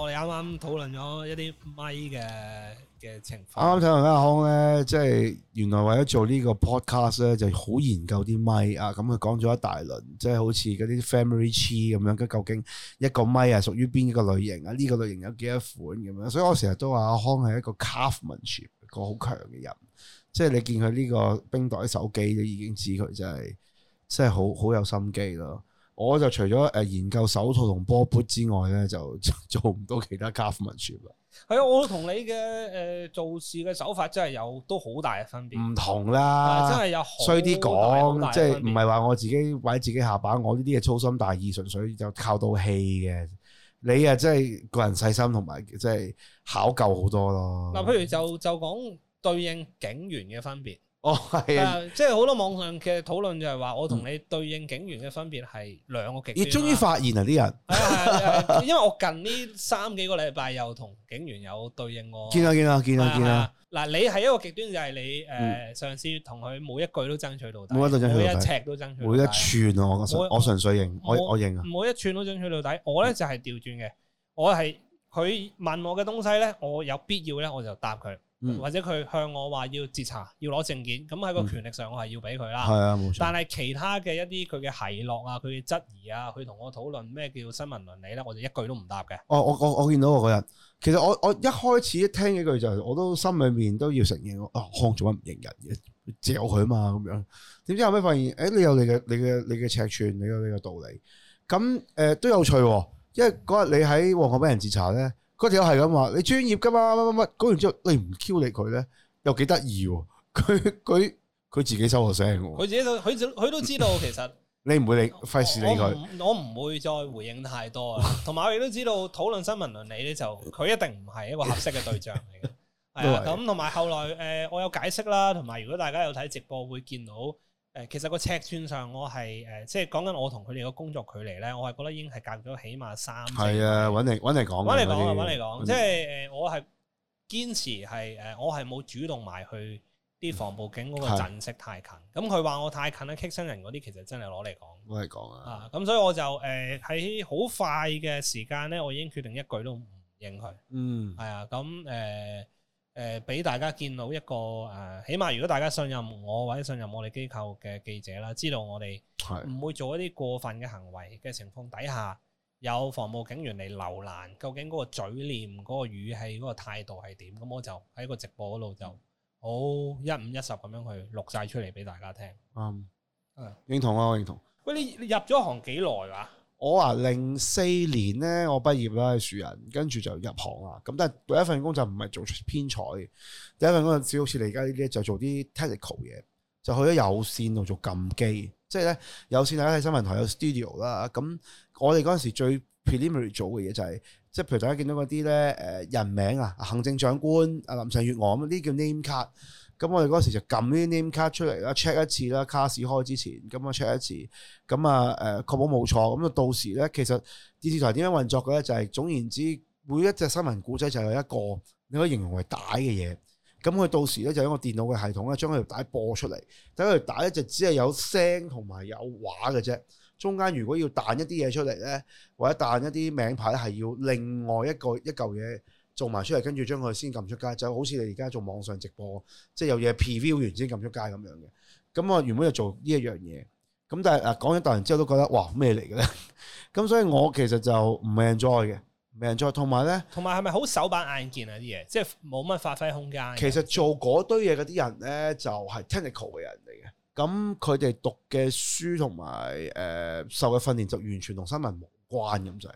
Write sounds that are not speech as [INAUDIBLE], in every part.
我哋啱啱討論咗一啲咪嘅嘅情況。啱啱討論阿康咧，即係原來為咗做呢個 podcast 咧，就好研究啲咪。啊。咁佢講咗一大輪，即係好似嗰啲 family tree 咁樣。咁究竟一個咪啊屬於邊一個類型啊？呢個類型有幾多款咁樣？所以我成日都話阿康係一個 craftmanship 個好強嘅人。即係你見佢呢個冰袋手機，都已經知佢真係真係好好有心機咯。我就除咗誒研究手套同波盃之外咧，就做唔到其他 government 啦。係啊、嗯，我同你嘅誒、呃、做事嘅手法真係有都好大嘅分別。唔同啦，真係有衰啲講，即係唔係話我自己為自己下把，我呢啲嘢粗心大意，純粹就靠到氣嘅。你啊，真係個人細心同埋即係考究好多咯。嗱、啊，譬如就就講對應警員嘅分別。哦係，即係好多網上嘅討論就係話我同你對應警員嘅分別係兩個極端。你終於發現啊啲人，係啊係啊，因為我近呢三幾個禮拜又同警員有對應過。見啦見啦見啦見啦，嗱，你係一個極端就係你誒上次同佢每一句都爭取到底，每一尺都爭取到底，每一寸我我純粹認，我我認啊，每一寸都爭取到底。我咧就係調轉嘅，我係佢問我嘅東西咧，我有必要咧我就答佢。或者佢向我話要截查，要攞證件，咁喺個權力上我係要俾佢啦。係、嗯、啊，冇錯。但係其他嘅一啲佢嘅奚落啊，佢嘅質疑啊，佢同我討論咩叫新聞倫理咧，我就一句都唔答嘅。哦，我我我見到我嗰日，其實我我一開始一聽呢句就，我都心裏面都要承認，啊、哦，康做乜唔認人嘅，嚼佢啊嘛咁樣。點知後尾發現，誒、哎，你有你嘅你嘅你嘅尺寸，你有你嘅道理，咁誒、呃、都有趣、啊。因為嗰日你喺旺角俾人截查咧。嗰條係咁話，你專業㗎嘛？乜乜乜？講完之後，你唔嬌理佢咧，又幾得意喎？佢佢佢自己收個聲喎、啊。佢自己都，佢佢都知道其實。 [LAUGHS] 你唔會理，費事理佢。我唔會再回應太多啦。同埋 [LAUGHS] 我亦都知道討論新聞倫理咧，就佢一定唔係一個合適嘅對象嚟嘅。係 [LAUGHS] 啊，咁同埋後來誒，我有解釋啦，同埋如果大家有睇直播會見到。誒、呃，其實個尺寸上我，呃就是、我係誒，即係講緊我同佢哋個工作距離咧，我係覺得已經係隔咗起碼三。係啊，揾嚟揾嚟講。揾嚟講啊，揾嚟講。即係誒，我係堅持係誒，我係冇主動埋去啲防暴警嗰個陣式太近，咁佢話我太近咧，棘親人嗰啲，其實真係攞嚟講。攞嚟講啊。啊，咁所以我就誒喺好快嘅時間咧，我已經決定一句都唔應佢。嗯。係啊，咁誒。呃誒俾、呃、大家見到一個誒、呃，起碼如果大家信任我或者信任我哋機構嘅記者啦，知道我哋唔會做一啲過分嘅行為嘅情況底下，有防暴警員嚟瀏覽，究竟嗰個嘴臉、嗰、嗰個語氣、嗰、嗰個態度係點？咁、嗯、我就喺個直播嗰度就好一五一十咁樣去錄晒出嚟俾大家聽。啱，嗯，認、嗯、同啊，我認同。喂，你你入咗行幾耐哇？我話零四年咧，我畢業啦喺樹人，跟住就入行啦。咁但係第一份工就唔係做編採，第一份工嗰陣時好似你而家呢啲，就是、做啲 technical 嘢，就去咗有線度做撳機。即係咧有線大家睇新聞台有 studio 啦，咁我哋嗰陣時最 preliminary 做嘅嘢就係、是，即、就、係、是、譬如大家見到嗰啲咧誒人名啊，行政長官啊，林鄭月娥咁啲叫 name card。咁我哋嗰時就撳啲 name 卡出嚟啦，check 一次啦，卡士開之前，咁啊 check 一次，咁啊誒確保冇錯，咁、嗯、啊到時咧，其實電視台點樣運作嘅咧，就係、是、總言之，每一隻新聞故仔就有一個你可以形容為帶嘅嘢，咁、嗯、佢到時咧就用個電腦嘅系統咧將嗰條帶播出嚟，但嗰條帶咧就只係有聲同埋有畫嘅啫，中間如果要彈一啲嘢出嚟咧，或者彈一啲名牌咧，係要另外一個一嚿嘢。做埋出嚟，跟住將佢先撳出街，就好似你而家做網上直播，即係有嘢 preview 完先撳出街咁樣嘅。咁我原本就做呢一樣嘢，咁但係嗱、啊、講咗大輪之後，都覺得哇咩嚟嘅咧？咁 [LAUGHS] 所以我其實就唔係 enjoy 嘅，唔 enjoy。同埋咧，同埋係咪好手板眼見啊？啲嘢即係冇乜發揮空間。其實做嗰堆嘢嗰啲人咧，就係、是、technical 嘅人嚟嘅。咁佢哋讀嘅書同埋誒受嘅訓練，就完全同新聞無關咁滯。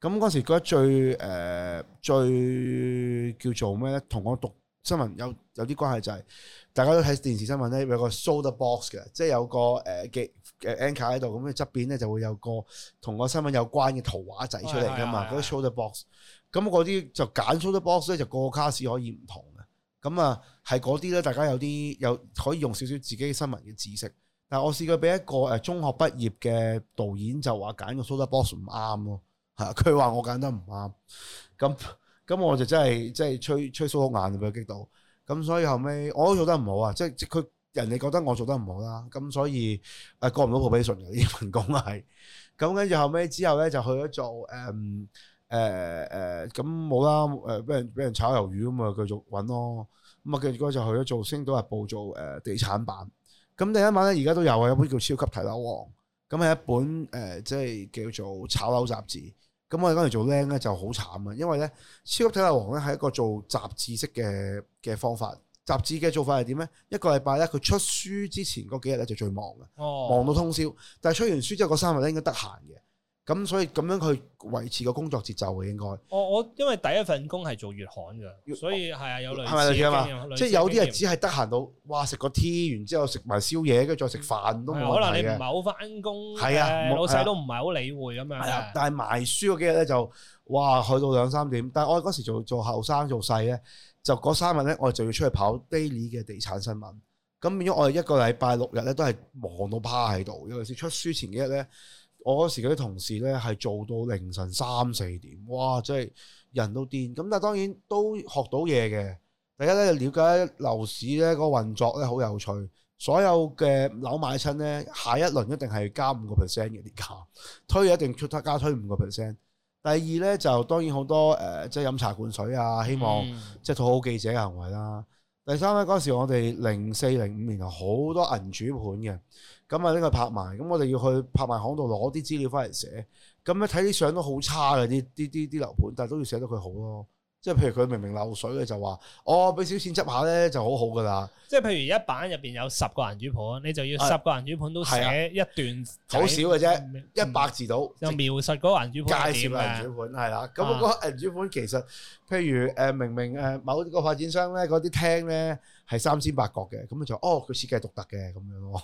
咁嗰時覺得最誒、呃、最叫做咩咧？同我讀新聞有有啲關係，就係大家都睇電視新聞咧，有個 shoulder box 嘅，即係有個誒嘅誒 anchor 喺度咁嘅側邊咧，就會有個同個新聞有關嘅圖畫仔出嚟噶嘛嗰 shoulder box。咁嗰啲就揀 shoulder box 咧，就個卡士可以唔同嘅。咁啊，係嗰啲咧，大家有啲有可以用少少自己新聞嘅知識。但係我試過俾一個誒、呃、中學畢業嘅導演就話揀個 shoulder box 唔啱喎。係，佢話我揀得唔啱，咁咁我就真係真係吹吹鬚碌眼俾佢激到，咁所以後尾我都做得唔好啊！即係佢人哋覺得我做得唔好啦，咁所以誒過唔到 probation 嘅呢份工係，咁跟住後尾之後咧就去咗做誒誒誒，咁冇啦誒，俾人俾人炒魷魚啊嘛，繼續揾咯，咁啊跟住嗰陣就去咗做星島日報做誒、呃、地產版，咁第一晚咧而家都有啊，有本叫《超級睇樓王》，咁係一本誒、呃、即係叫做炒樓雜誌。咁我哋嗰陣做僆咧就好慘啊，因為咧《超級體力王》咧係一個做雜誌式嘅嘅方法。雜誌嘅做法係點咧？一個禮拜咧，佢出書之前嗰幾日咧就最忙嘅，哦、忙到通宵。但係出完書之後嗰三日咧應該得閒嘅。咁所以咁樣去維持個工作節奏嘅，應該、哦。我我因為第一份工係做月刊嘅，哦、所以係啊有類似啊嘛，是是即係有啲係只係得閒到，哇食個 tea，完之後食埋宵夜，跟住再食飯都冇可能你唔係好翻工，係啊，老細都唔係好理會咁樣。係啊、啊、啊、啊，但係賣書嗰幾日咧就，哇去到兩三點。但係我嗰時做做後生做細咧，就嗰三日咧我哋就要出去跑 daily 嘅地產新聞。咁變咗我哋一個禮拜六日咧都係忙到趴喺度。尤其係出書前幾日咧。我嗰時嗰啲同事咧係做到凌晨三四點，哇！真係人都癲。咁但係當然都學到嘢嘅，第一咧了解樓市咧個運作咧好有趣。所有嘅樓買親咧，下一輪一定係加五個 percent 嘅啲價推，一定出得加推五個 percent。第二咧就當然好多誒、呃，即係飲茶灌水啊，希望、嗯、即係討好記者嘅行為啦。第三咧嗰時我哋零四零五年呀好多銀主盤嘅。咁啊，呢個拍賣，咁我哋要去拍賣行度攞啲資料翻嚟寫。咁咧睇啲相都好差嘅，啲啲啲啲樓盤，但係都要寫得佢好咯。即係譬如佢明明漏水嘅，就話哦，俾少錢執下咧，就好好噶啦。即係譬如一版入邊有十個銀主盤，你就要十個銀主盤都寫、啊啊、寫一段，好少嘅啫，一百、嗯、字到。就描述嗰銀主介紹銀主盤係啦。咁嗰銀主盤其實譬如誒明明誒某個發展商咧嗰啲廳咧係三千八角嘅，咁就哦佢設計獨特嘅咁樣。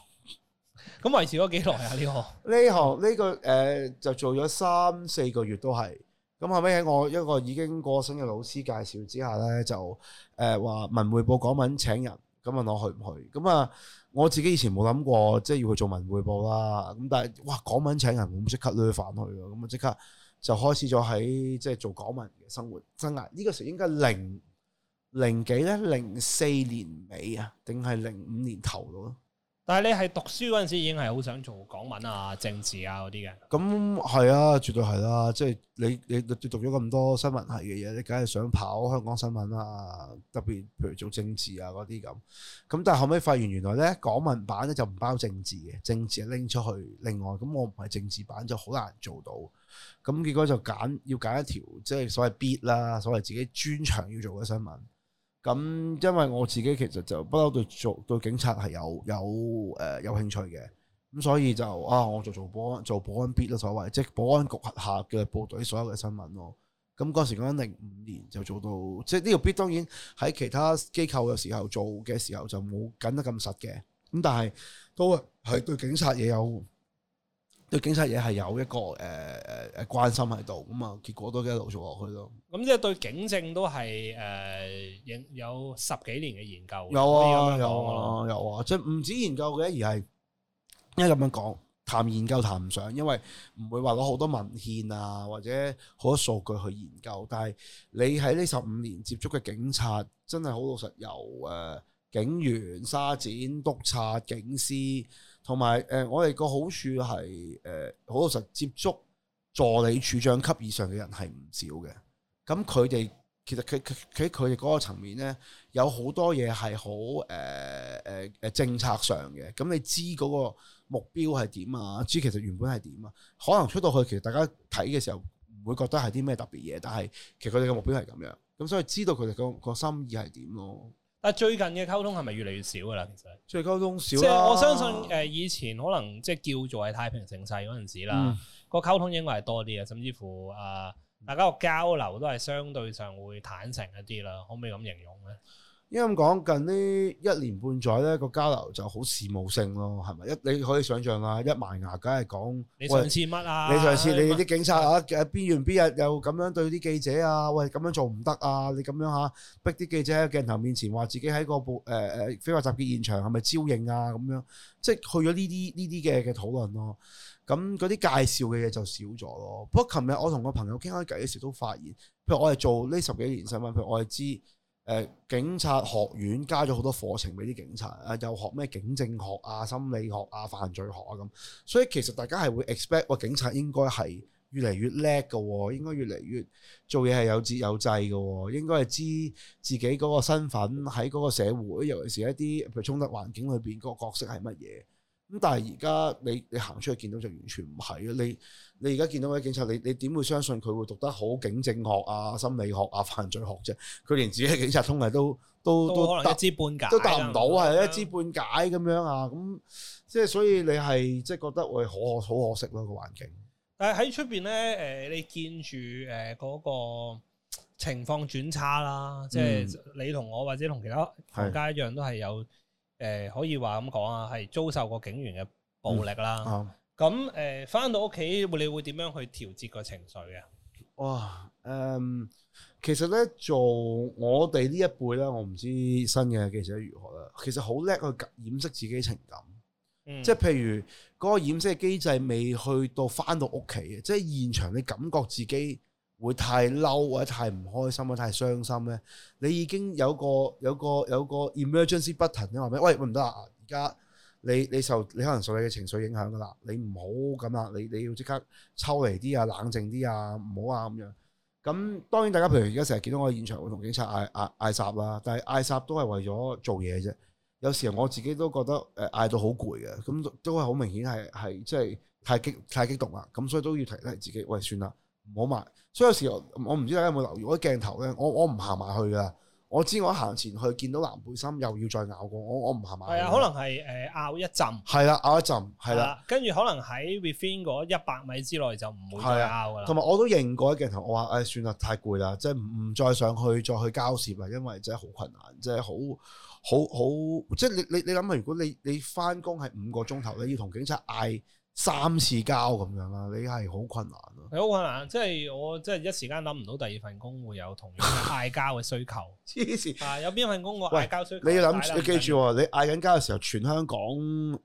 咁維持咗幾耐啊？呢行呢行呢個誒，就做咗三四個月都係，咁後尾，喺我一個已經過身嘅老師介紹之下咧，就誒話、呃、文匯報港聞請人，咁問我去唔去？咁啊，我自己以前冇諗過，即係要去做文匯報啦。咁但係哇，港聞請人，我唔即刻都溜翻去啊！咁啊，即刻就開始咗喺即係做港聞嘅生活。真啊，呢、這個時候應該零零幾咧？零四年尾啊，定係零五年頭囉？但係你係讀書嗰陣時已經係好想做港聞啊、政治啊嗰啲嘅。咁係啊，絕對係啦。即係你你讀咗咁多新聞系嘅嘢，你梗係想跑香港新聞啦、啊。特別譬如做政治啊嗰啲咁。咁但係後尾發現原來咧，港聞版咧就唔包政治嘅，政治係拎出去另外。咁我唔係政治版就好難做到。咁結果就揀要揀一條即係所謂 beat 啦，所謂自己專長要做嘅新聞。咁，因為我自己其實就不嬲對做對警察係有有誒、呃、有興趣嘅，咁所以就啊，我就做保安，做保安 B 咯所謂，即係保安局下嘅部隊所有嘅新聞咯。咁嗰時講緊零五年就做到，即係呢個 B 當然喺其他機構嘅時候做嘅時候就冇緊得咁實嘅，咁但係都係對警察嘢有對警察嘢係有一個誒。呃誒，關心喺度咁啊，結果都一路做落去咯。咁、嗯、即係對警政都係誒、呃，有十幾年嘅研究。有啊，有啊，有啊，有啊，即係唔止研究嘅，而係因為咁樣講，談研究談唔上，因為唔會話攞好多文獻啊，或者好多數據去研究。但係你喺呢十五年接觸嘅警察，真係好老實，由、呃、誒警員、沙展、督察、警司，同埋誒我哋個好處係誒好老實接觸。助理處長級以上嘅人係唔少嘅，咁佢哋其實佢佢喺佢哋嗰個層面咧，有好多嘢係好誒誒誒政策上嘅。咁你知嗰個目標係點啊？知其實原本係點啊？可能出到去，其實大家睇嘅時候唔會覺得係啲咩特別嘢，但係其實佢哋嘅目標係咁樣。咁所以知道佢哋個心意係點咯。但係，最近嘅溝通係咪越嚟越少噶啦？其實即係溝通少。即係我相信誒，以前可能即係叫做係太平盛世嗰陣時啦。嗯個溝通應該係多啲啊，甚至乎啊、呃，大家個交流都係相對上會坦誠一啲啦，可唔可以咁形容咧？因為咁講近呢一年半載咧，個交流就好事務性咯，係咪？一你可以想像啦，一埋牙梗係講你上次乜啊？你上次你啲警察啊，哪邊完邊日又咁樣對啲記者啊？喂，咁樣做唔得啊？你咁樣嚇逼啲記者喺鏡頭面前話自己喺個部誒、呃、非法集結現場係咪招應啊？咁樣即係去咗呢啲呢啲嘅嘅討論咯。咁嗰啲介紹嘅嘢就少咗咯。不過琴日我同個朋友傾開偈嘅時都發現，譬如我係做呢十幾年新聞，譬如我係知誒、呃、警察學院加咗好多課程俾啲警察，誒、啊、又學咩警政學啊、心理學啊、犯罪學啊咁。所以其實大家係會 expect，哇！警察應該係越嚟越叻嘅喎，應該越嚟越做嘢係有節有制嘅喎，應該係知自己嗰個身份喺嗰個社會，尤其是一啲譬如衝突環境裏邊嗰個角色係乜嘢。咁但係而家你，你行出去見到就完全唔係啊！你，你而家見到位警察，你，你點會相信佢會讀得好警政學啊、心理學啊、犯罪學啫、啊？佢連自己嘅警察通例都都都都可能一知半解，都答唔到、啊，係、嗯、一知半解咁樣啊！咁即係所以你係即係覺得會可好可惜咯、啊那個環境。但係喺出邊咧，誒，你見住誒嗰個情況轉差啦，即係你同我或者同其他行家一樣，都係有。誒、呃，可以話咁講啊，係遭受過警員嘅暴力啦。咁誒、嗯，翻、呃、到屋企會你會點樣去調節個情緒啊？哇，誒、嗯，其實咧做我哋呢一輩咧，我唔知新嘅記者如何啦。其實好叻去掩飾自己情感，嗯、即係譬如嗰、那個掩飾嘅機制未去到翻到屋企，即係現場你感覺自己。會太嬲或者太唔開心啊，太傷心咧？你已經有個有個有個 emergency button 咧，你話咩？喂，唔得啊！而家你你受你可能受你嘅情緒影響噶啦，你唔好咁啦，你你要即刻抽離啲啊，冷靜啲啊，唔好啊咁樣。咁當然大家譬如而家成日見到我喺現場會同警察嗌嗌嗌殺啦，但係嗌殺都係為咗做嘢啫。有時候我自己都覺得誒嗌到好攰嘅，咁都係好明顯係係即係太激太激動啦。咁所以都要提提自己，喂，算啦，唔好埋。所以有時候我唔知大家有冇留意嗰啲鏡頭咧，我我唔行埋去噶，我知我行前去見到藍背心又要再拗過，我我唔行埋去。係啊，可能係誒拗一陣。係啦，拗一陣，係啦。跟住可能喺 within 嗰一百米之內就唔會再拗噶啦。同埋我都認過啲鏡頭，我話誒、哎、算啦，太攰啦，即係唔再上去再去交涉啦，因為真係好困難，即係好好好，即係你你你諗下，如果你你翻工係五個鐘頭你要同警察嗌。三次交咁樣啦，你係好困難咯，啊，係好困難，即 [NOISE] 係樂、嗯、我即係一時間諗唔到第二份工會有同樣嗌交嘅需求，黐線 [LAUGHS] 病啊！有邊份工我嗌交需求？你諗住，你記住，你嗌緊交嘅時候，全香港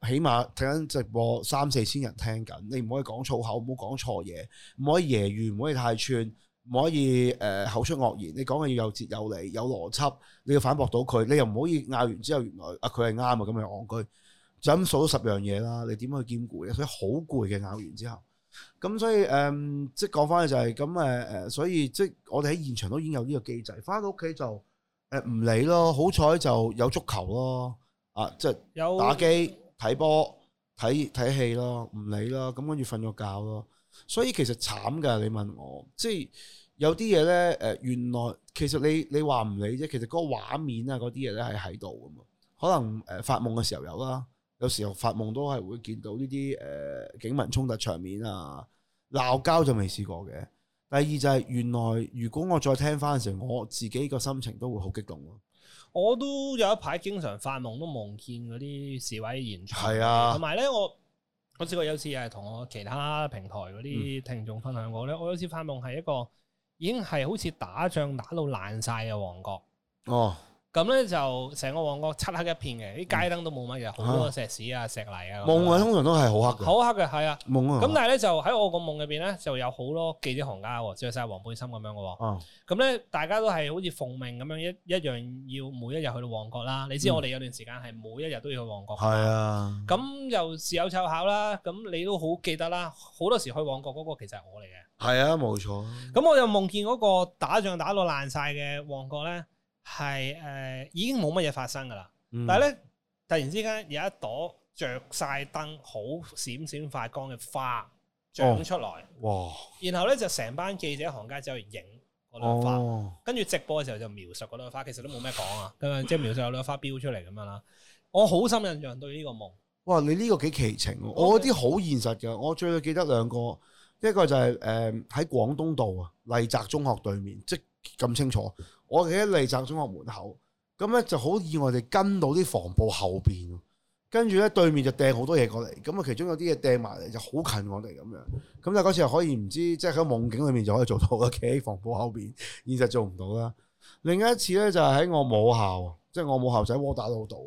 起碼睇緊直播三四千人聽緊，你唔可以講粗口，唔好講錯嘢，唔可以揶揄，唔可，可以太串，唔可以誒、呃、口出惡言，你講嘅要有節有理有邏輯，你要反駁到佢，你又唔可以嗌完之後，原來啊佢係啱啊咁樣戇居。就咁數咗十樣嘢啦，你點樣去兼顧嘅？所以好攰嘅，咬完之後，咁所以誒、嗯，即係講翻就係咁誒誒，所以即係我哋喺現場都已經有呢個機制，翻到屋企就誒唔理咯，好彩就有足球咯，啊，即係打機、睇波、睇睇戲咯，唔理咯，咁跟住瞓咗覺咯。所以其實慘噶，你問我，即係有啲嘢咧誒，原來其實你你話唔理啫，其實嗰個畫面啊嗰啲嘢咧係喺度噶嘛，可能誒、呃、發夢嘅時候有啦。有時候發夢都係會見到呢啲誒警民衝突場面啊，鬧交就未試過嘅。第二就係原來如果我再聽翻嘅時候，我自己個心情都會好激動咯。我都有一排經常發夢都夢見嗰啲示威現場。係啊，同埋咧，我我試過有次係同我其他平台嗰啲聽眾分享過咧，嗯、我有次發夢係一個已經係好似打仗打到爛晒嘅旺角。哦。咁咧就成個旺角漆黑一片嘅，啲街燈都冇乜嘢，好多石屎啊、石泥啊。夢啊，通常都係好黑嘅。好黑嘅係啊，夢啊的。咁但係咧就喺我個夢入邊咧，就有好多記者行家，着晒黃背心咁樣嘅。哦、啊。咁咧、嗯，大家都係好似奉命咁樣一一樣要每一日去到旺角啦。你知我哋有段時間係每一日都要去旺角。係啊、嗯。咁又事有湊巧啦，咁你都好記得啦。好多時去旺角嗰個其實係我嚟嘅。係、嗯、啊，冇錯。咁我又夢見嗰個打仗打到爛晒嘅旺角咧。係誒、呃，已經冇乜嘢發生噶啦，嗯、但係咧突然之間有一朵着晒燈、好閃閃發光嘅花長出來，哦、哇！然後咧就成班記者行街走去影個花，跟住、哦、直播嘅時候就描述朵花，其實都冇咩講啊，咁樣即係描述有朵花飆出嚟咁樣啦。我好深印象對呢個夢。哇！你呢個幾奇情，我啲好現實嘅。我最記得兩個，一個就係誒喺廣東道啊，麗澤中學對面，即咁清楚。我哋喺麗澤中學門口，咁咧就好意外地跟到啲防暴後邊，跟住咧對面就掟好多嘢過嚟，咁啊其中有啲嘢掟埋嚟就好近我哋咁樣，咁就嗰次可以唔知即係喺夢境裏面就可以做到嘅，企喺防暴後邊，現實做唔到啦。另一次咧就係喺我母校，即係我母校喺窩打老道，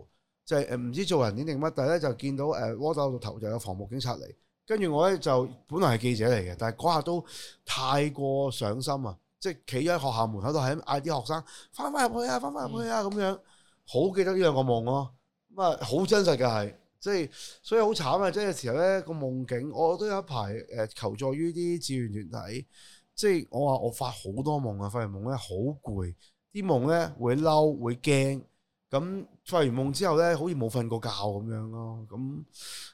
就誒、是、唔知做人哋定乜，但係咧就見到誒窩打老道就有防暴警察嚟，跟住我咧就本來係記者嚟嘅，但係嗰下都太過上心啊。即係企喺學校門口度，喺嗌啲學生翻翻入去啊，翻翻入去啊，咁樣好記得呢兩個夢咯。咁啊，好真實嘅係，即係所以好慘啊！即係時候咧個夢境，我都有一排誒求助於啲志願團體。即係我話我發好多夢啊，發完夢咧好攰，啲夢咧會嬲會驚。咁發完夢之後咧，好似冇瞓過覺咁樣咯。咁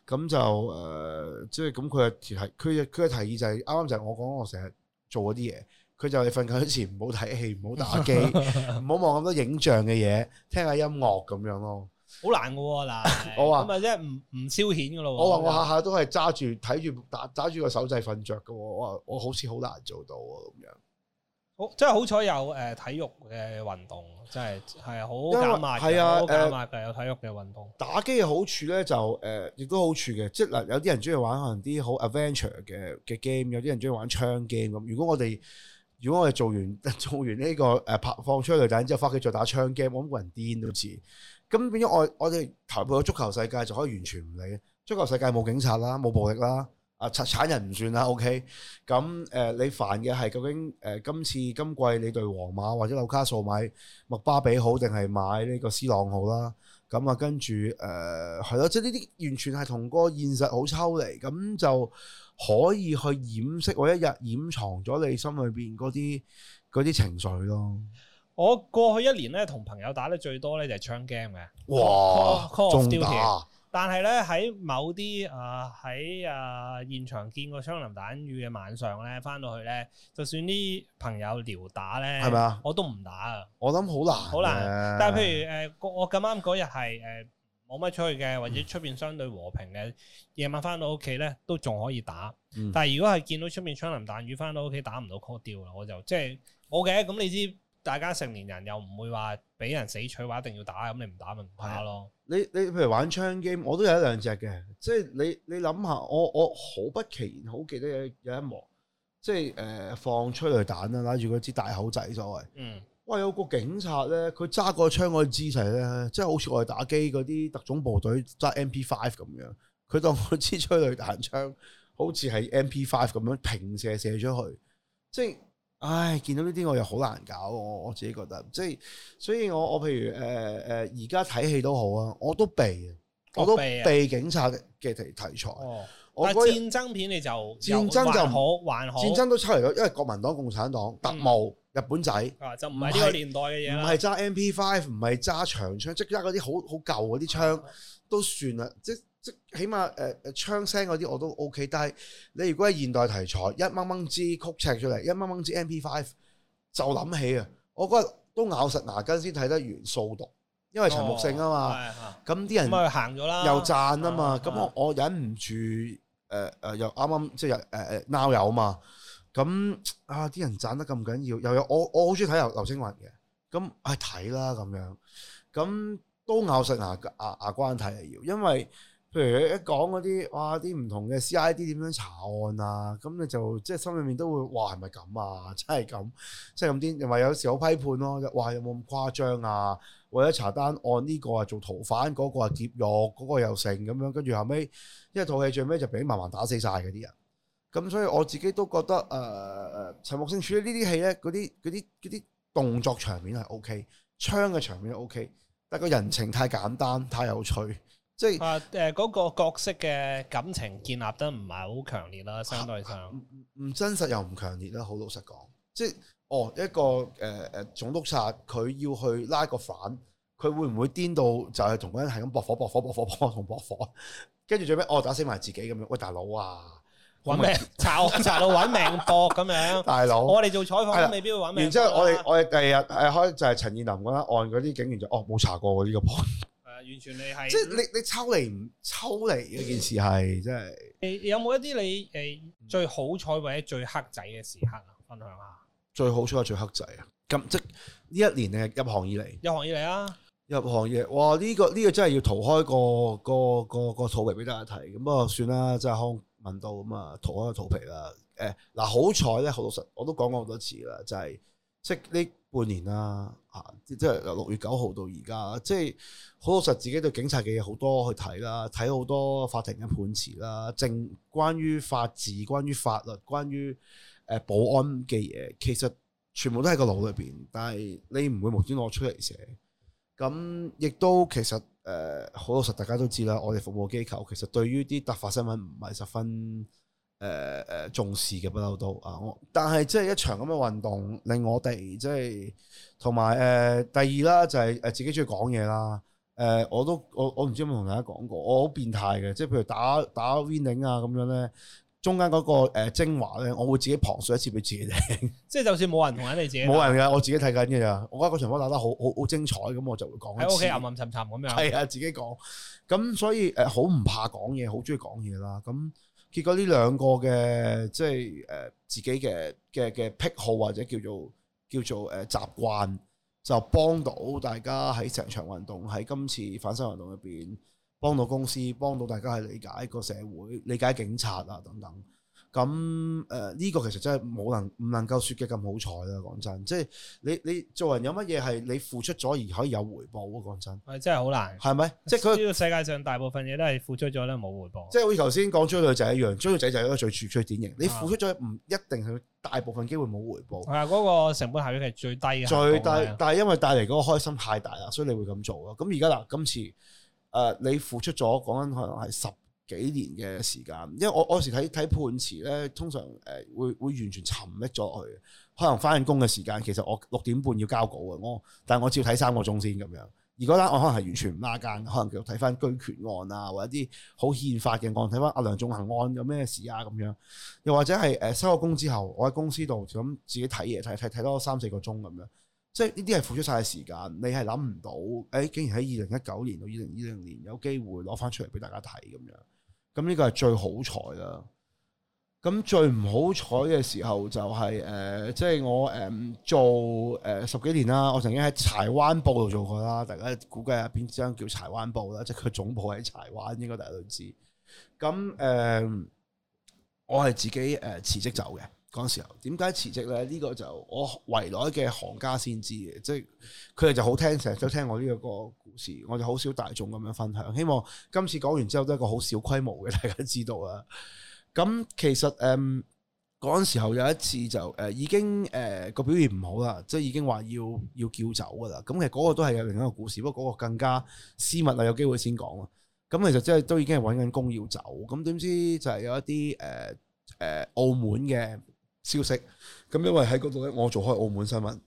咁就誒、呃，即係咁佢嘅提，佢佢嘅提議就係啱啱就係我講我成日做嗰啲嘢。佢就係瞓覺之前唔好睇戲，唔好打機，唔好望咁多影像嘅嘢，聽下音樂咁樣咯。好難嘅嗱 [LAUGHS] 說，我話咁咪即係唔唔消遣嘅咯。我話我下下都係揸住睇住打揸住個手掣瞓著嘅。我話我好似好難做到啊咁樣。哦、即好，真係好彩有誒體育嘅運動，真係係好夾埋，係為啊，夾埋嘅有體育嘅運動。呃、打機嘅好處咧就誒，亦、呃、都好處嘅。即嗱，有啲人中意玩可能啲好 adventure 嘅嘅 game，有啲人中意玩，玩槍 game 咁。如果我哋如果我哋做完做完呢、這個誒拍放出嚟，但係之後翻屋企再打槍 game，我諗個人癲都似。咁變咗我我哋投入嘅足球世界就可以完全唔理。足球世界冇警察啦，冇暴力啦，啊，鏟人唔算啦。OK，咁誒、呃，你煩嘅係究竟誒、呃、今次今季你對皇馬或者紐卡素買麥巴比好，定係買呢個 C 朗好啦？咁啊，跟住誒係咯，即係呢啲完全係同個現實好抽離，咁就。可以去掩飾，我一日掩藏咗你心裏邊嗰啲啲情緒咯。我過去一年咧，同朋友打得最多咧就係槍 game 嘅。哇！仲打。但係咧喺某啲啊喺啊現場見過槍林彈雨嘅晚上咧，返到去咧，就算啲朋友聊打咧，係咪啊？我都唔打啊！我諗好難，好難。但係譬如誒、呃，我咁啱嗰日係誒。呃冇乜出去嘅，或者出面相對和平嘅，夜、嗯、晚翻到屋企咧都仲可以打。嗯、但係如果係見到出面槍林彈雨，翻到屋企打唔到 call 掉啦，我就即係冇嘅。咁、okay，你知大家成年人又唔會話俾人死取話一定要打，咁你唔打咪唔怕咯。你你譬如玩槍 game，我都有一兩隻嘅。即係你你諗下，我我好不期然好記得有有一幕，即係誒、呃、放催淚彈啦，拿住嗰支大口仔所謂。嗯喂，有個警察咧，佢揸個槍嗰啲姿勢咧，即係好似我哋打機嗰啲特種部隊揸 MP5 咁樣，佢當佢支催淚彈槍好 MP，好似係 MP5 咁樣平射，射射出去。即係，唉，見到呢啲我又好難搞，我我自己覺得。即係，所以我我譬如誒誒，而家睇戲都好啊，我都避，我，避啊、我都避警察嘅題題材。哦、我但係戰爭片你就戰爭就好還好，戰爭都出嚟咗，因為國民黨、共產黨特務。嗯日本仔啊，就唔係呢個年代嘅嘢，唔係揸 MP5，唔係揸長槍，即係揸嗰啲好好舊嗰啲槍都算啦。即即起碼誒誒槍聲嗰啲我都 OK。但係你如果係現代題材，一掹掹支曲尺出嚟，一掹掹支 MP5 就諗起啊！我嗰日都咬實牙根先睇得完掃毒，因為陳木勝啊嘛，咁啲人行咗又讚啊嘛，咁我我忍唔住誒誒，又啱啱即係誒誒鬧友啊嘛。咁啊！啲人賺得咁緊要，又有我我好中意睇劉劉青雲嘅。咁唉睇啦咁樣，咁、哎、都咬實牙牙牙關睇係要，因為譬如一講嗰啲哇啲唔同嘅 C.I.D 點樣查案啊，咁你就即係心裏面都會哇係咪咁啊？真係咁，即係咁啲，同埋有時好批判咯。哇！有冇咁誇張啊？或者查單案呢、呢個係做逃犯，嗰、嗰個係劫獄，嗰、嗰個又成。咁樣，跟住後尾，一套戲最尾就俾慢慢打死晒嘅啲人。咁所以我自己都覺得誒陳木勝處理呢啲戲咧，嗰啲啲啲動作場面係 O K，槍嘅場面 O K，但個人情太簡單，太有趣，即係誒嗰個角色嘅感情建立得唔係好強烈啦，相對上唔真實又唔強烈啦，好老實講，即係哦一個誒誒總督察佢要去拉個犯，佢會唔會顛到就係同嗰人係咁駁火駁火駁火同駁火，跟住最尾哦打死埋自己咁樣，喂，大佬啊！搵咩？查案查到搵命搏咁樣， [LAUGHS] 大佬。我哋做採訪都未必會搵命、啊。然之後我哋我哋第日係開就係陳燕林嗰粒案嗰啲警員就哦冇查過呢、這個案。係完全你係即係你你抽離唔抽離呢、嗯、件事係即係。你有冇一啲你誒、呃嗯、最好彩或者最黑仔嘅時刻啊？分享下最好彩啊最黑仔啊！咁即呢一年嘅入行以嚟，入行以嚟啊！入行以嚟哇呢、這個呢、這個真係要逃開個個個個，個，個土圍俾大家睇，咁啊算啦，真係。問到咁、哎、啊，塗開個肚皮啦！誒，嗱好彩咧，好老實，我都講過好多次啦，就係、是、即呢半年啦，嚇、啊，即係由六月九號到而家，即係好老實，自己對警察嘅嘢好多去睇啦，睇好多法庭嘅判詞啦，正、啊、關於法治、關於法律、關於誒保安嘅嘢，其實全部都喺個腦裏邊，但係你唔會無端端攞出嚟寫。咁亦都其實誒，好、呃、老實，大家都知啦。我哋服務機構其實對於啲突發新聞唔係十分誒誒、呃呃、重視嘅，不嬲都啊！我但係即係一場咁嘅運動，令我哋即係同埋誒第二啦，就係誒自己中意講嘢啦。誒、呃，我都我我唔知有冇同大家講過，我好變態嘅，即係譬如打打 winning 啊咁樣咧。中間嗰個精華咧，我會自己旁述一次俾自己聽。即係就算冇人同緊 [LAUGHS] 你自己，冇人嘅。我自己睇緊嘅咋。我覺得個場波打得好好好精彩咁，我就會講一次喺屋企暗暗沉沉咁樣。係啊，自己講。咁所以誒，好唔怕講嘢，好中意講嘢啦。咁結果呢兩個嘅即係誒自己嘅嘅嘅癖好或者叫做叫做誒習慣，就幫到大家喺成場運動喺今次反修運動入邊。幫到公司，幫到大家去理解個社會，理解警察啊等等。咁誒，呢、呃這個其實真係冇能唔能夠說嘅咁好彩啦。講真，即係你你做人有乜嘢係你付出咗而可以有回報啊？講真，係真係好難，係咪？即係佢呢個世界上大部分嘢都係付出咗咧冇回報。即係好似頭先講追女仔一樣，追女仔，追女仔就係、是、一個最最最典型。你付出咗唔一定係大部分機會冇回報。係啊、嗯，嗰個成本效益係最低嘅。最低，但係因為帶嚟嗰個開心太大啦，所以你會咁做咯。咁而家啦，今次。誒，你付出咗講緊可能係十幾年嘅時間，因為我我時睇睇判詞咧，通常誒會會完全沉溺咗落去。可能返緊工嘅時間，其實我六點半要交稿啊，我但係我只要睇三個鐘先咁樣。如果咧，我可能係完全唔拉更，可能繼續睇返居權案啊，或者啲好憲法嘅案，睇返阿梁仲恒案有咩事啊咁樣。又或者係誒收咗工之後，我喺公司度咁自己睇嘢，睇睇睇多三四個鐘咁樣。即係呢啲係付出晒嘅時間，你係諗唔到，誒、哎，竟然喺二零一九年到二零二零年有機會攞翻出嚟俾大家睇咁樣，咁呢個係最好彩啦。咁最唔好彩嘅時候就係、是、誒、呃，即係我誒、呃、做誒、呃、十幾年啦，我曾經喺柴灣報度做過啦，大家估計下邊張叫柴灣報啦，即係佢總部喺柴灣，應該大家都知。咁誒、呃，我係自己誒辭職走嘅。嗰陣時候點解辭職咧？呢、這個就我圍內嘅行家先知嘅，即係佢哋就好聽，成日都聽我呢個個故事，我就好少大眾咁樣分享。希望今次講完之後都係一個好小規模嘅，大家知道啦。咁其實誒嗰陣時候有一次就誒、呃、已經誒個、呃、表現唔好啦，即係已經話要要叫走噶啦。咁其實嗰個都係另一個故事，不過嗰個更加私密啊，有機會先講啊。咁其實即係都已經係揾緊工要走，咁點知就係有一啲誒誒澳門嘅消息咁，因為喺嗰度咧，我做開澳門新聞，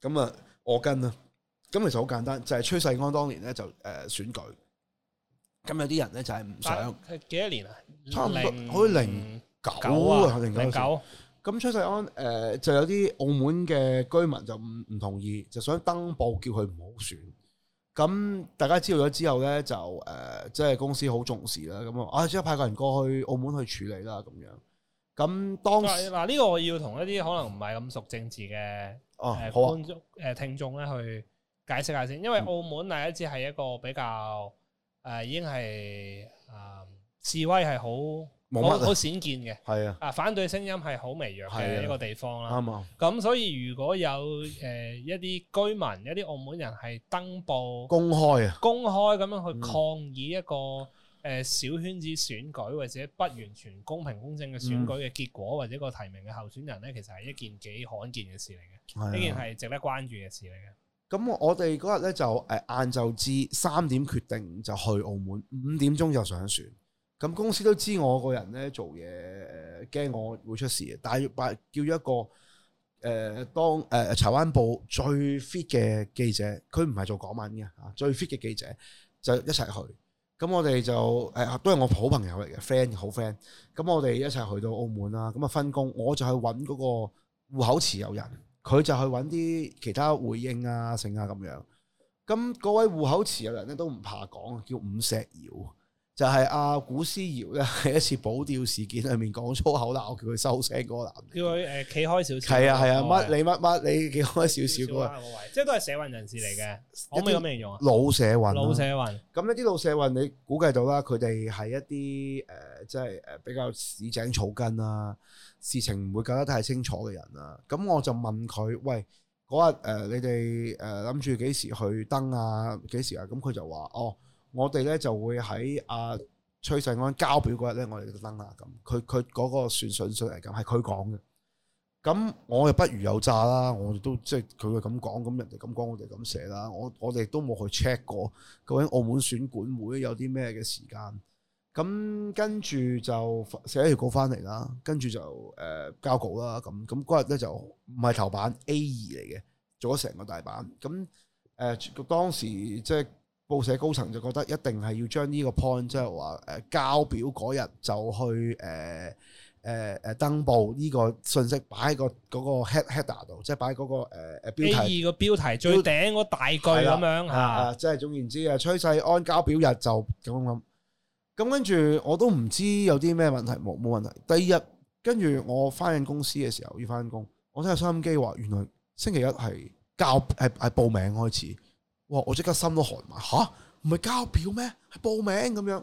咁啊，我跟啊，咁其實好簡單，就係崔世安當年咧就誒選舉，咁有啲人咧就係唔想。係幾多年啊？差唔多零、好似零九啊，零零九？啊。咁崔世安誒，就有啲澳門嘅居民就唔唔同意，就想登報叫佢唔好選。咁大家知道咗之後咧，就誒，即係公司好重視啦。咁啊，即刻派個人過去澳門去處理啦，咁樣。咁當嗱呢個我要同一啲可能唔係咁熟政治嘅誒觀眾誒聽眾咧去解釋下先。啊啊、因為澳門第一支係一個比較誒、呃、已經係誒、呃、示威係好好好鮮見嘅，係啊，啊反對聲音係好微弱嘅一個地方啦。啱啊！咁、啊、所以如果有誒一啲居民一啲澳門人係登報公開啊，公開咁樣去抗議一個。嗯誒、呃、小圈子選舉或者不完全公平公正嘅選舉嘅結果或者個提名嘅候選人咧，其實係一件幾罕見嘅事嚟嘅，呢、嗯、件係值得關注嘅事嚟嘅。咁、嗯、我哋嗰日咧就誒晏晝至三點決定就去澳門，五點鐘就上船。咁公司都知我個人咧做嘢驚我會出事，但係叫咗一個誒、呃、當誒柴、呃、灣報最 fit 嘅記者，佢唔係做港聞嘅嚇，最 fit 嘅記者就一齊去。咁我哋就誒都係我好朋友嚟嘅 friend 好 friend，咁我哋一齊去到澳門啦，咁啊分工，我就去揾嗰個戶口持有人，佢就去揾啲其他回應啊剩啊咁樣，咁嗰位戶口持有人咧都唔怕講，叫伍石瑤。就係阿、啊、古思堯咧喺一次保釣事件裏面講粗口啦，我叫佢收聲嗰個男，叫佢誒企開少少。係啊係啊，乜你乜乜你企開少少嘅啦，即係都係社運人士嚟嘅。可唔可以有咩用？啊？老社運、啊，老社運、啊。咁呢啲老社運，你估計到啦，佢哋係一啲誒，即係誒比較市井草根啊，事情唔會搞得太清楚嘅人啊。咁我就問佢：喂，嗰日誒你哋誒諗住幾時去登啊？幾時啊？咁佢就話：哦。我哋咧就會喺啊崔世安交表嗰日咧，我哋就登啦咁。佢佢嗰個算順序嚟，咁，係佢講嘅。咁我又不如有詐啦，我都即係佢咁講，咁人哋咁講，我哋咁寫啦。我我哋都冇去 check 過究竟澳門選管會有啲咩嘅時間。咁跟住就寫一條稿翻嚟啦，跟住就誒、呃、交稿啦。咁咁嗰日咧就唔係頭版 A 二嚟嘅，做咗成個大版。咁誒、呃、當時即係。報社高層就覺得一定係要將呢個 point，即係話誒交表嗰日就去誒誒誒登報呢個信息擺喺個嗰 head header 度，即係擺嗰個誒、呃、標題。第二個標題最頂嗰大句咁樣嚇。即係總言之，啊崔世安交表日就咁咁咁。咁跟住我都唔知有啲咩問題，冇冇問題。第二日跟住我翻緊公司嘅時候要翻工，我聽下收音機話原來星期一係交係係報名開始。哇！我即刻心都寒埋，吓？唔係交表咩？係報名咁樣。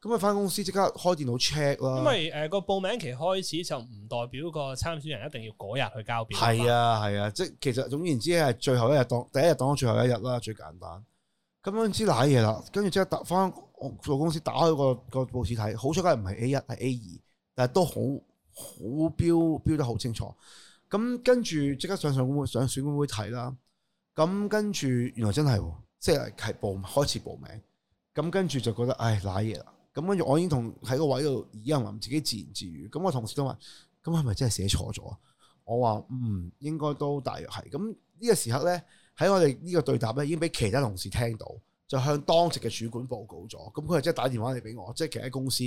咁啊翻公司即刻開電腦 check 啦。因為誒個報名期開始就唔代表個參選人一定要嗰日去交表。係啊係啊，啊即係其實總言之係最後一日當，第一日當到最後一日啦，最簡單。咁樣知瀨嘢啦，跟住即刻返到公司，打開個個報紙睇，好彩梗係唔係 A 一係 A 二，但係都好好標標得好清楚。咁跟住即刻上上工會上選工會睇啦。咁跟住，原來真係，即係係報開始報名。咁跟住就覺得，唉，瀨嘢啦。咁跟住，我已經同喺個位度耳鬢邊自己自言自語。咁我同事都話：咁係咪真係寫錯咗？我話：嗯，應該都大約係。咁呢個時刻咧，喺我哋呢個對答咧，已經俾其他同事聽到。就向當值嘅主管報告咗，咁佢係即係打電話嚟俾我，即係企喺公司，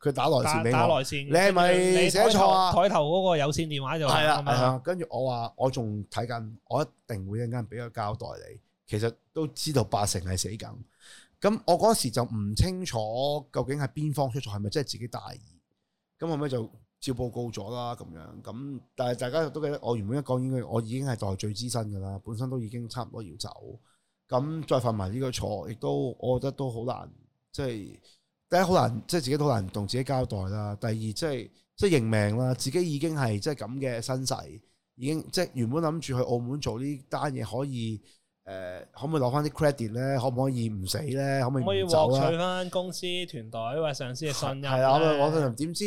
佢打內線俾我。打內線。你係咪你寫錯啊？台頭嗰個有線電話就係啦，係啊。跟住我話，我仲睇緊，我一定會，會一間俾個交代你。其實都知道八成係死梗，咁我嗰時就唔清楚究竟係邊方出錯，係咪真係自己大意？咁後尾就照報告咗啦，咁樣咁。但係大家都記得，我原本一講已經，我已經係代罪之身㗎啦。本身都已經差唔多要走。咁再犯埋呢個錯，亦都我覺得都好難，即係第一好難，即係自己都好難同自己交代啦。第二即係即係認命啦，自己已經係即係咁嘅身世，已經即係原本諗住去澳門做呢單嘢，可以誒、呃、可唔可以攞翻啲 credit 咧？可唔可以唔死咧？可唔可以唔可以獲取翻公司團隊或者上司嘅信任？係啊，我點知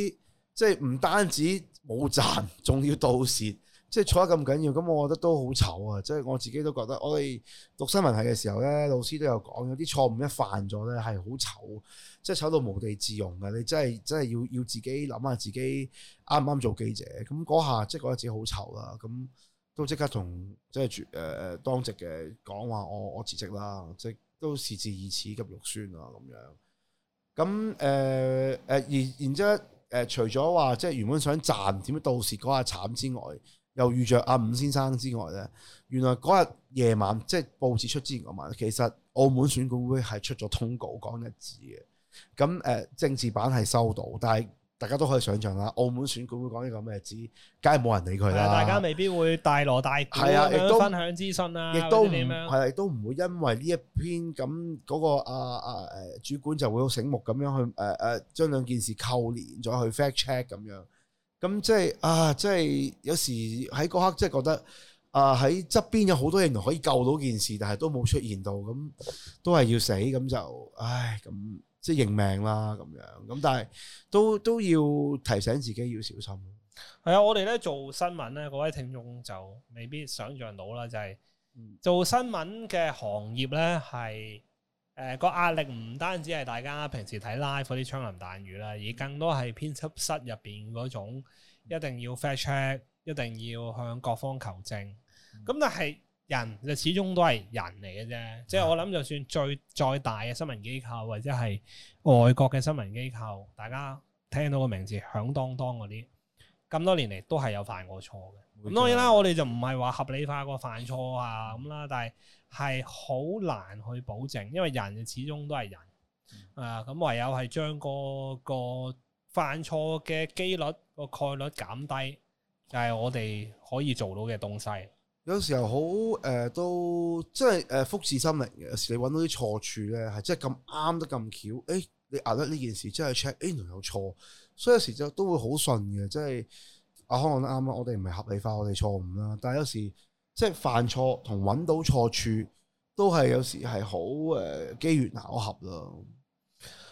即係唔單止冇賺，仲要倒蝕。即係錯得咁緊要，咁我覺得都好醜啊！即係我自己都覺得，我哋讀新聞系嘅時候咧，老師都有講，有啲錯誤一犯咗咧，係好醜，即係醜到無地自容嘅。你真係真係要要自己諗下自己啱唔啱做記者。咁嗰下即係覺得自己好醜啦，咁都即刻同即係絕誒誒當值嘅講話，我我辭職啦！即都事至如此，急肉酸啊咁樣。咁誒誒，然然之後誒、呃，除咗話即係原本想賺，點知到時嗰下慘之外。又遇着阿伍先生之外咧，原來嗰日夜晚即係報紙出之前嗰晚，其實澳門選管會係出咗通告講日子嘅。咁誒、呃、政治版係收到，但係大家都可以想像啦。澳門選管會講啲咁嘅日子，梗係冇人理佢啦。大家未必會大鑼大鼓，係啊，亦、啊、都分享資訊啦，亦都點樣？亦、啊、都唔會因為呢一篇咁嗰、那個阿阿、啊啊啊、主管就會好醒目咁樣去誒誒將兩件事扣連咗去 fact check 咁樣。咁即係啊，即係有時喺嗰刻，即係覺得啊，喺側邊有好多嘢可以救到件事，但係都冇出現到，咁、嗯、都係要死，咁就唉，咁即係認命啦，咁樣，咁但係都都要提醒自己要小心。係啊、嗯，我哋咧做新聞咧，各位聽眾就未必想象到啦，就係、是、做新聞嘅行業咧係。誒、呃那個壓力唔單止係大家平時睇 live 嗰啲槍林彈雨啦，而更多係編輯室入邊嗰種一定要 fact check，一定要向各方求證。咁、嗯、但係人就始終都係人嚟嘅啫，即係、嗯、我諗就算最再大嘅新聞機構或者係外國嘅新聞機構，大家聽到個名字響噹噹嗰啲，咁多年嚟都係有犯過錯嘅。咁、嗯、當然啦，嗯、我哋就唔係話合理化個犯錯啊咁啦，但係，係好難去保證，因為人始終都係人，誒、嗯啊，咁唯有係將個個犯錯嘅幾率個、嗯、概率減低，就係、是、我哋可以做到嘅東西有、呃呃。有時候好誒，都即係誒，福至心靈，有時你搵到啲錯處咧，係真係咁啱得咁巧，誒，你壓得呢件事，即係 check in，有錯，所以有時就都會好順嘅，即係我、啊、可能啱啦，我哋唔係合理化我哋錯誤啦，但係有時。即係犯錯同揾到錯處，都係有時係好誒機緣巧合咯。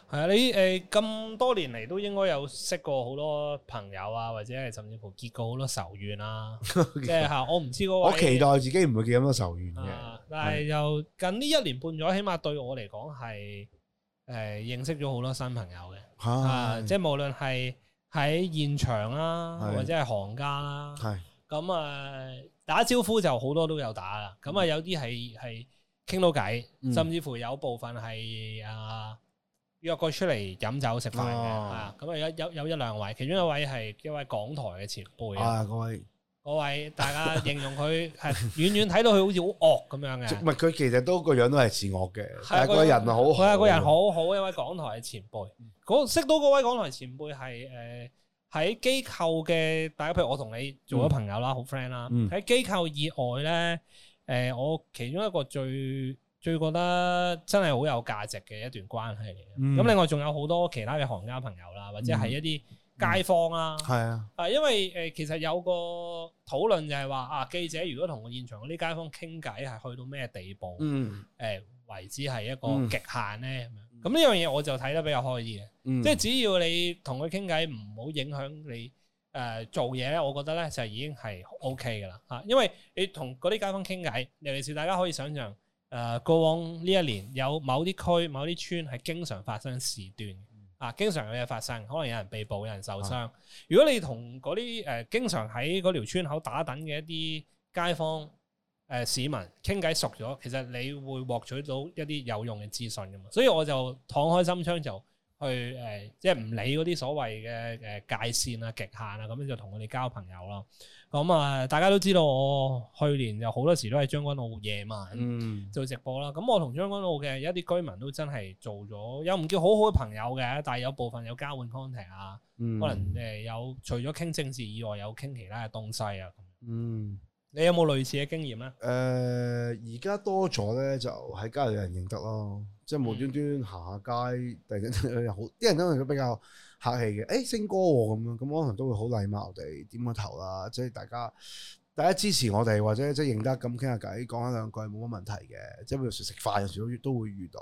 係啊，你誒咁、呃、多年嚟都應該有識過好多朋友啊，或者係甚至乎結過好多仇怨啊。 [LAUGHS] 即係吓，我唔知嗰個。我期待自己唔會結咁多仇怨嘅、啊。但係又近呢一年半咗，起碼對我嚟講係誒認識咗好多新朋友嘅。吓是的、啊，即係無論係喺現場啦、啊，是的 或者係行家啦，係咁啊。打招呼就好多都有打啦，咁啊有啲係係傾到偈，嗯、甚至乎有部分係啊約過出嚟飲酒食飯嘅、哦、啊，咁啊有有有一兩位，其中一位係一位港台嘅前輩啊，哎、各位位大家形容佢係 [LAUGHS] 遠遠睇到佢好似好惡咁樣嘅，唔係佢其實都個樣都係似惡嘅，係個的人好，係啊個人好好， [LAUGHS] 一位港台嘅前輩，嗰識到嗰位港台前輩係誒。呃喺機構嘅，大家譬如我同你做咗朋友啦，好 friend 啦。喺、嗯、機構以外咧，誒、呃，我其中一個最最覺得真係好有價值嘅一段關係嚟。咁、嗯、另外仲有好多其他嘅行家朋友啦，或者係一啲街坊啦。係啊、嗯，嗯、啊，因為誒、呃，其實有個討論就係話啊，記者如果同個現場嗰啲街坊傾偈，係去到咩地步？誒、嗯呃，為之係一個極限咧。嗯嗯咁呢樣嘢我就睇得比較開啲嘅，嗯、即係只要你同佢傾偈，唔好影響你誒、呃、做嘢咧，我覺得咧就已經係 O K 嘅啦嚇。因為你同嗰啲街坊傾偈，尤其是大家可以想象誒、呃，過往呢一年有某啲區、某啲村係經常發生事端，嗯、啊，經常有嘢發生，可能有人被捕、有人受傷。嗯、如果你同嗰啲誒經常喺嗰條村口打等嘅一啲街坊，誒、呃、市民傾偈熟咗，其實你會獲取到一啲有用嘅資訊噶嘛，所以我就敞開心窗就去誒，即係唔理嗰啲所謂嘅誒界線啊、極限啊，咁樣就同佢哋交朋友咯。咁啊，大家都知道我去年就好多時都喺將軍澳夜晚，做、嗯、直播啦。咁我同將軍澳嘅一啲居民都真係做咗，有唔叫好好嘅朋友嘅，但係有部分有交換 contact 啊，嗯、可能誒有除咗傾政治以外，有傾其他嘅東西啊。嗯。你有冇類似嘅經驗咧？誒、呃，而家多咗咧，就喺街度有人認得咯，即係無端端行下街，突然間又好，啲人都比較客氣嘅，誒、欸，星哥咁、哦、樣，咁可能都會好禮貌地點個頭啦，即係大家大家支持我哋，或者即係認得咁傾下偈，講一兩句冇乜問題嘅，即係譬如食飯，有時都都會遇到。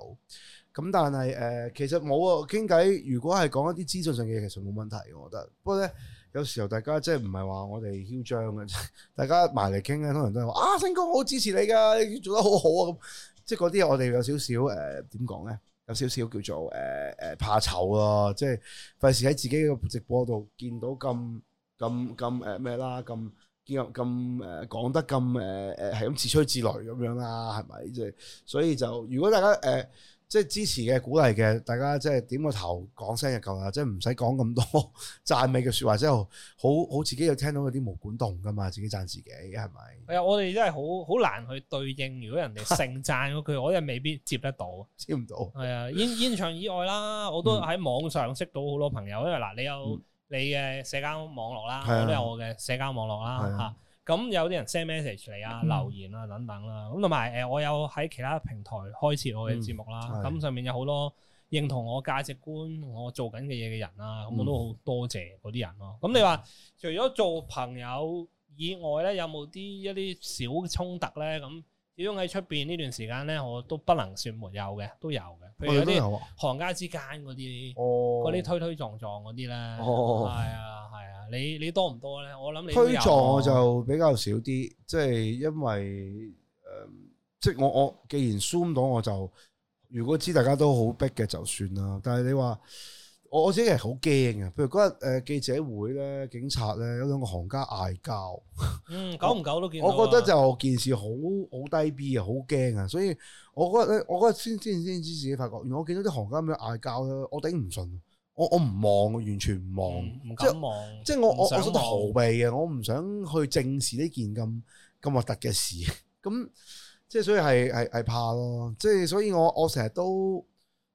咁但係誒、呃，其實冇啊，傾偈如果係講一啲資訊上嘅嘢，其實冇問題嘅，我覺得。不過咧。有時候大家即係唔係話我哋囂張嘅，大家埋嚟傾咧，通常都係話啊，星哥好支持你噶，你做得好好啊！咁即係嗰啲我哋有少少誒點講咧、呃，有少少叫做誒誒、呃、怕醜咯，即係費事喺自己個直播度見到咁咁咁誒咩啦，咁咁咁誒講得咁誒誒係咁自吹自擂咁樣啦，係咪即係？所以就如果大家誒，呃即係支持嘅、鼓勵嘅，大家即係點個頭講聲就夠啦，即係唔使講咁多讚美嘅説話，之後好好自己又聽到有啲毛管動㗎嘛，自己讚自己係咪？係啊，我哋真係好好難去對應，如果人哋盛讚嗰句 [LAUGHS] 我佢，我又未必接得到，接唔到。係啊，現現場以外啦，我都喺網上識到好多朋友，嗯、因為嗱，你有你嘅社交網絡啦，是的 我都有我嘅社交網絡啦嚇。咁有啲人 send message 嚟啊，留言啊等等啦，咁同埋誒，我有喺其他平台開設我嘅節目啦，咁、嗯、上面有好多認同我價值觀、我做緊嘅嘢嘅人啊，咁我都好多謝嗰啲人咯。咁你話除咗做朋友以外咧，有冇啲一啲小嘅衝突咧？咁？始終喺出邊呢段時間咧，我都不能算沒有嘅，都有嘅。譬如啲行家之間嗰啲，嗰啲、哦、推推撞撞嗰啲啦。哦，係啊，係啊，啊，你你多唔多咧？我諗你推撞我就比較少啲，即係因為誒、呃，即係我我既然 sum 唔到，我就如果知大家都好逼嘅就算啦。但係你話，我我自己係好驚啊！譬如嗰日誒記者會咧，警察咧有兩個行家嗌交。嗯，久唔久都見。我覺得就件事好好低 B 啊，好驚啊！所以我嗰日咧，我嗰日先先先知自己發覺，原來我見到啲行家咁樣嗌交咧，我頂唔順。我我唔望，完全唔望，唔敢望、嗯。即係我我我想逃避嘅，我唔想去正視呢件咁咁核突嘅事。咁即係所以係係係怕咯。即係所以我我成日都。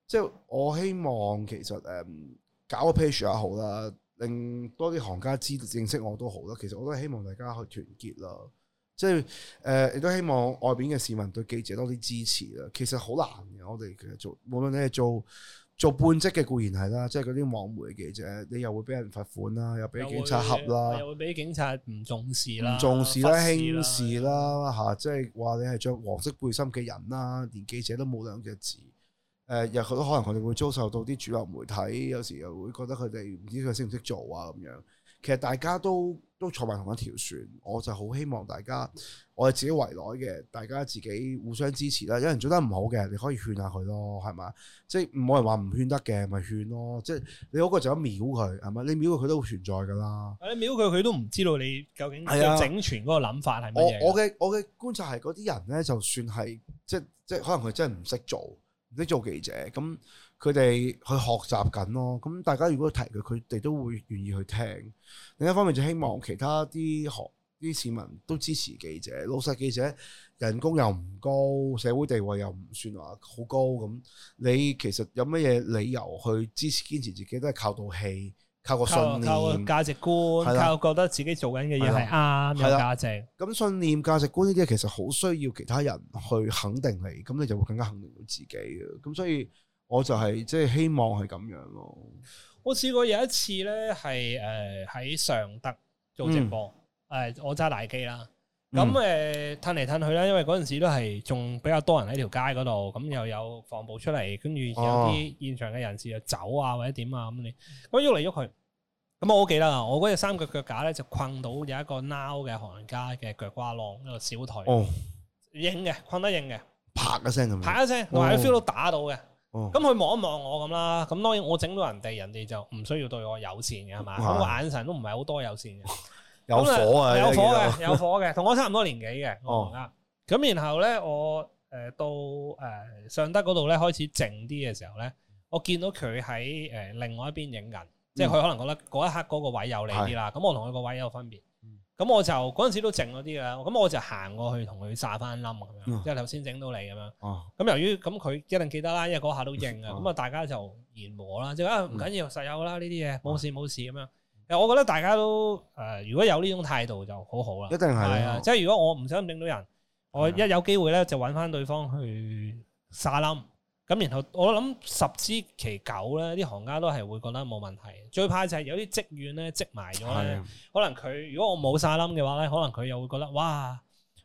即係我希望其實誒、嗯、搞個 page 也好啦，令多啲行家知認識我都好啦。其實我都希望大家去團結啦，即係誒亦都希望外邊嘅市民對記者多啲支持啦。其實好難嘅，我哋其實做無論你係做做半職嘅固然係啦，即係嗰啲網媒記者，你又會俾人罰款啦，又俾警察恰啦，又會俾警察唔重視啦，重視啦，輕視啦嚇，的即係話你係着黃色背心嘅人啦，連記者都冇兩隻字。誒，又好多可能佢哋會遭受到啲主流媒體，有時又會覺得佢哋唔知佢識唔識做啊咁樣。其實大家都都坐埋同一條船，我就好希望大家，我哋自己圍內嘅大家自己互相支持啦。有人做得唔好嘅，你可以勸下佢咯，係咪？即係冇人話唔勸得嘅，咪勸咯。即係你嗰個就咁秒佢，係咪？你秒佢佢都會存在噶啦。你秒佢佢都唔知道你究竟要整全嗰個諗法係乜嘢。我嘅我嘅觀察係嗰啲人咧，就算係即即，即，即可能佢真係唔識做。你做記者，咁佢哋去學習緊咯。咁大家如果提佢，佢哋都會願意去聽。另一方面就希望其他啲學啲市民都支持記者。老實，記者人工又唔高，社會地位又唔算話好高。咁你其實有乜嘢理由去支持堅持自己都係靠道氣？靠個信念、靠個價值觀、的靠覺得自己做緊嘅嘢係啱、係的價值。咁信念、價值觀呢啲其實好需要其他人去肯定你，咁你就會更加肯定到自己嘅。咁所以我就係、是、即係希望係咁樣咯。我試過有一次咧，係誒喺上德做直播，誒、嗯、我揸大機啦。咁誒褪嚟褪去啦，因為嗰陣時都係仲比較多人喺條街嗰度，咁又有防暴出嚟，跟住有啲現場嘅人士又走啊，啊或者點啊咁你，我喐嚟喐去。咁我好記得啦，我嗰隻三腳腳架咧就困到有一個 now 嘅行家嘅腳瓜浪一個小腿，硬嘅、oh. 困得硬嘅，啪一聲咁，啪一聲同埋 feel 到打到嘅。咁佢望一望我咁啦，咁當然我整到人哋，人哋就唔需要對我友善嘅係嘛？咁、oh. 眼神都唔係好多友善嘅、oh.。有火啊！有火嘅，有火嘅，同我差唔多年紀嘅、oh.，我唔啱。咁然後咧，我誒到誒上德嗰度咧開始靜啲嘅時候咧，我見到佢喺誒另外一邊影人。即係佢可能覺得嗰一刻嗰個位有利啲啦，咁是的 我同佢個位有分別，咁、嗯、我就嗰陣時都靜咗啲啦，咁我就行過去同佢撒翻冧咁樣，嗯、即係頭先整到你咁樣。咁、啊、由於咁佢一定記得啦，因為嗰下都認嘅，咁啊大家就言和啦，即啊係啊唔緊要，實有啦呢啲嘢，冇事冇事咁樣。其、嗯、我覺得大家都誒、呃，如果有呢種態度就好好啦。一定係啊，即係如果我唔想整到人，我一有機會咧就揾翻對方去撒冧。咁然後我諗十之其九咧，啲行家都係會覺得冇問題。最怕就係有啲積怨咧，積埋咗咧是的，可能佢如果我冇晒冧嘅話咧，可能佢又會覺得哇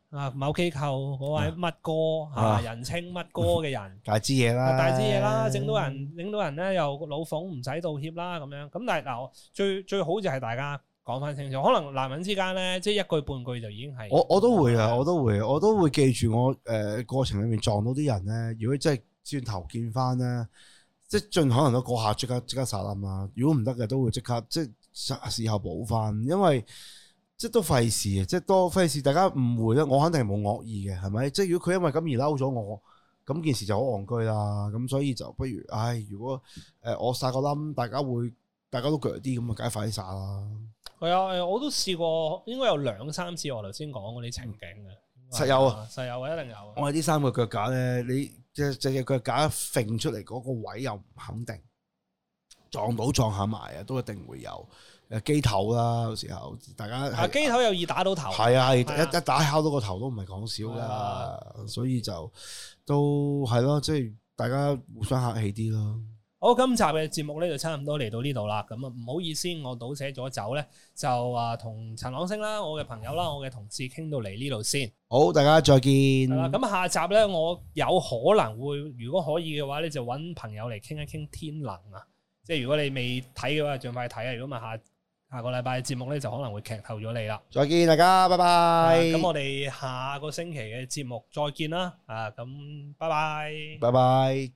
啊某機構嗰位乜哥嚇人稱乜哥嘅人大支嘢啦，大支嘢啦，整到人，整到人咧又老奉唔使道歉啦咁樣。咁但係嗱最最好就係大家講翻清楚，可能男人之間咧，即、就、係、是、一句半句就已經係我我都會啊，我都會，我都會，我都會，我都會記住我誒、呃、過程裡面撞到啲人咧，如果真係。轉頭見翻咧，即係盡可能都嗰下即刻即刻殺啦嘛。如果唔得嘅，都會即刻即係事後補翻，因為即係都費事，即係多費事。大家誤會啦，我肯定係冇惡意嘅，係咪？即係如果佢因為咁而嬲咗我，咁件事就好戇居啦。咁所以就不如，唉，如果誒我殺個冧，大家會大家都腳啲咁啊，梗係快啲殺啦。係啊，我都試過，應該有兩三次我頭先講嗰啲情景嘅。實有啊，實有啊，一定有。我哋啲三個腳架咧，你。即係隻隻腳架揈出嚟，嗰個位又唔肯定，撞到撞下埋啊，都一定會有。誒，機頭啦，有時候大家，啊，機頭又易打到頭，係啊，係一、啊、一打敲到個頭都唔係講少噶，啊、所以就都係咯，即係、啊就是，大家互相客氣啲咯。好，今集嘅節目呢就差唔多嚟到呢度啦，咁啊唔好意思，我倒寫咗走咧，就話同陳朗昇啦，我嘅朋友啦，我嘅同事傾到嚟呢度先。好，大家再見。咁、嗯、下集咧，我有可能會，如果可以嘅話咧，就揾朋友嚟傾一傾天能啊。即係如果你未睇嘅話，盡快睇啊。如果唔係下下個禮拜嘅節目咧，就可能會劇透咗你啦。再見，大家，拜拜。咁、嗯、我哋下個星期嘅節目再見啦。啊，咁拜拜，拜拜。